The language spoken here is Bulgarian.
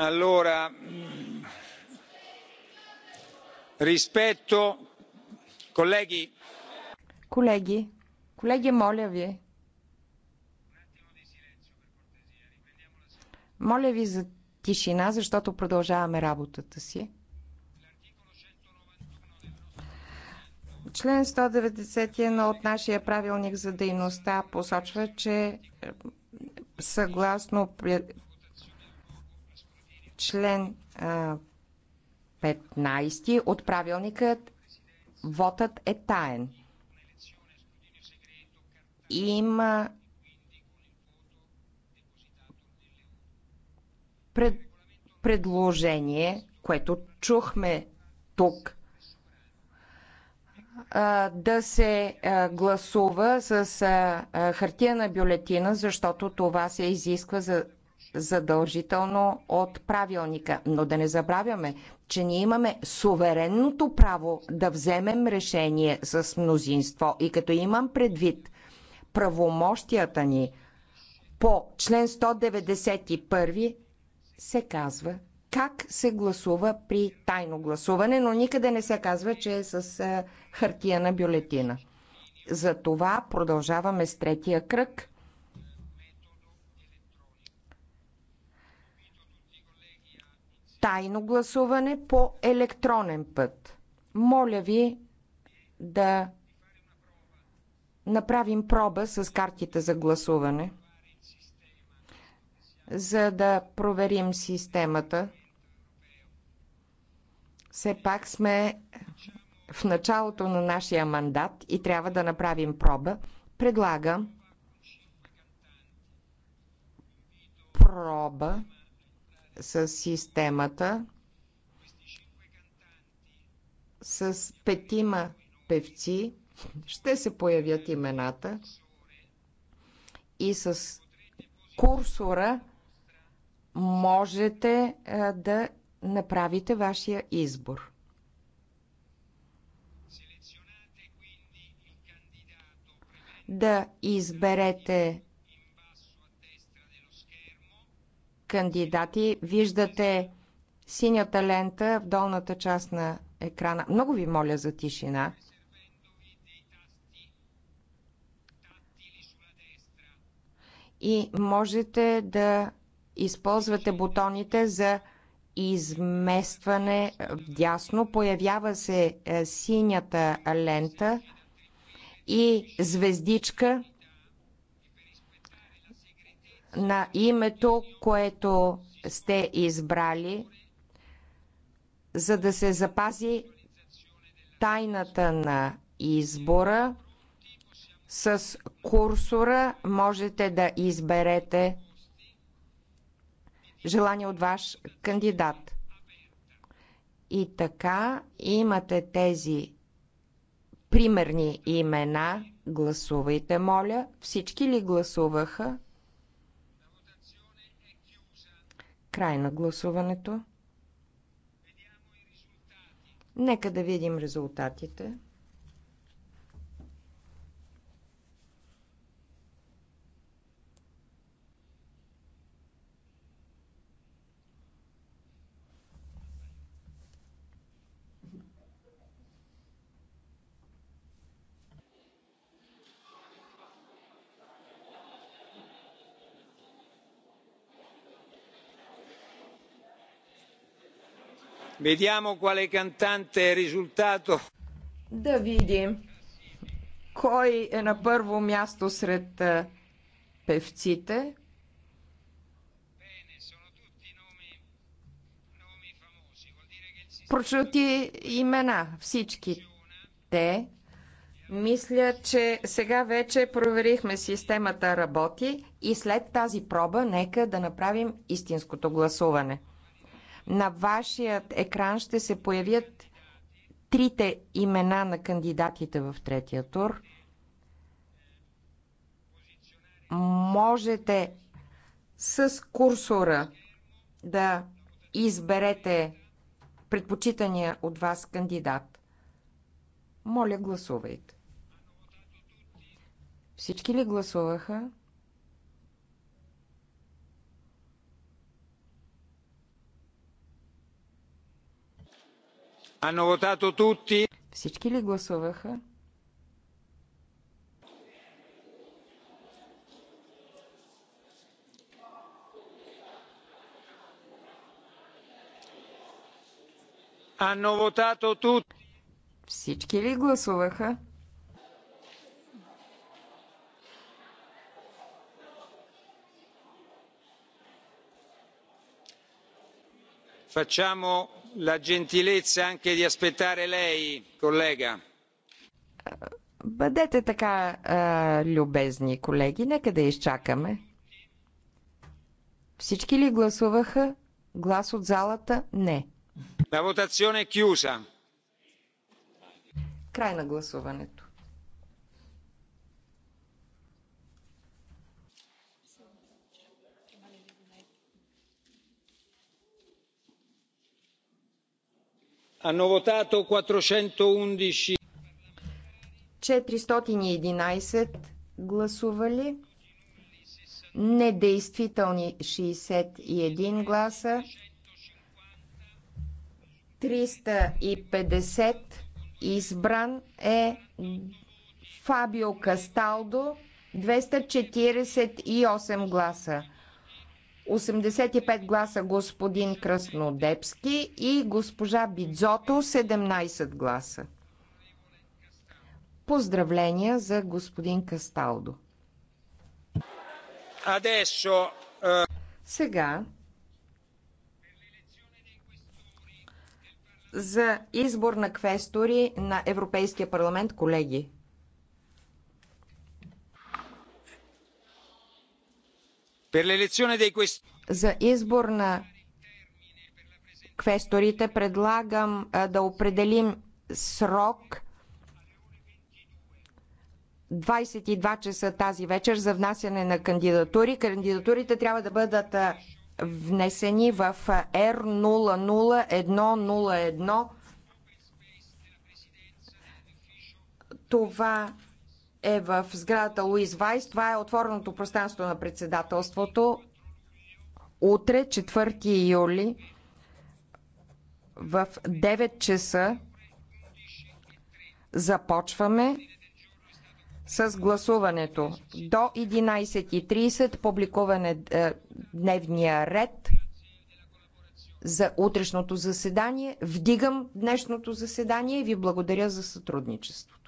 allora mm, rispetto colleghi колеги колеги моля ви моля ви за тишина защото продължаваме работата си Член 191 от нашия правилник за дейността посочва, че съгласно член 15 от правилникът вотът е таен. Има пред, предложение, което чухме тук, да се гласува с хартия на бюлетина, защото това се изисква за задължително от правилника. Но да не забравяме, че ние имаме суверенното право да вземем решение с мнозинство. И като имам предвид правомощията ни по член 191 се казва как се гласува при тайно гласуване, но никъде не се казва, че е с е, хартия на бюлетина. За това продължаваме с третия кръг тайно гласуване по електронен път. Моля ви да направим проба с картите за гласуване, за да проверим системата. Все пак сме в началото на нашия мандат и трябва да направим проба. Предлагам проба с системата с петима певци, ще се появят имената и с курсора можете да направите вашия избор. Да изберете кандидати. Виждате синята лента в долната част на екрана. Много ви моля за тишина. И можете да използвате бутоните за изместване в дясно. Появява се е, синята лента и звездичка на името, което сте избрали, за да се запази тайната на избора. С курсора можете да изберете желание от ваш кандидат. И така имате тези примерни имена. Гласувайте, моля. Всички ли гласуваха? Край на гласуването. Нека да видим резултатите. Vediamo quale cantante è risultato. Да видим кой е на първо място сред е, певците. Прочути имена, всички те. Мисля, че сега вече проверихме системата работи и след тази проба нека да направим истинското гласуване. На вашият екран ще се появят трите имена на кандидатите в третия тур. Можете с курсора да изберете предпочитания от вас кандидат. Моля, гласувайте. Всички ли гласуваха? Hanno votato tutti? Всички ли гласуваха? Hanno votato tutti? Всички ли гласуваха? Facciamo la gentilezza anche di aspettare lei, collega. Бъдете така а, любезни, колеги. Нека да изчакаме. Всички ли гласуваха? Глас от залата? Не. La votazione è Край на гласуването. Hanno votato 411. 411 гласували, недействителни 61 гласа, 350 избран е Фабио Касталдо, 248 гласа. 85 гласа господин Краснодепски и госпожа Бидзото 17 гласа. Поздравления за господин Касталдо. Adesso, uh... Сега за избор на квестори на Европейския парламент, колеги. За избор на квесторите предлагам да определим срок 22 часа тази вечер за внасяне на кандидатури. Кандидатурите трябва да бъдат внесени в R00101. Това е в сградата Луис Вайс. Това е отвореното пространство на председателството. Утре, 4 юли, в 9 часа започваме с гласуването. До 11.30 публикуване е, дневния ред за утрешното заседание. Вдигам днешното заседание и ви благодаря за сътрудничеството.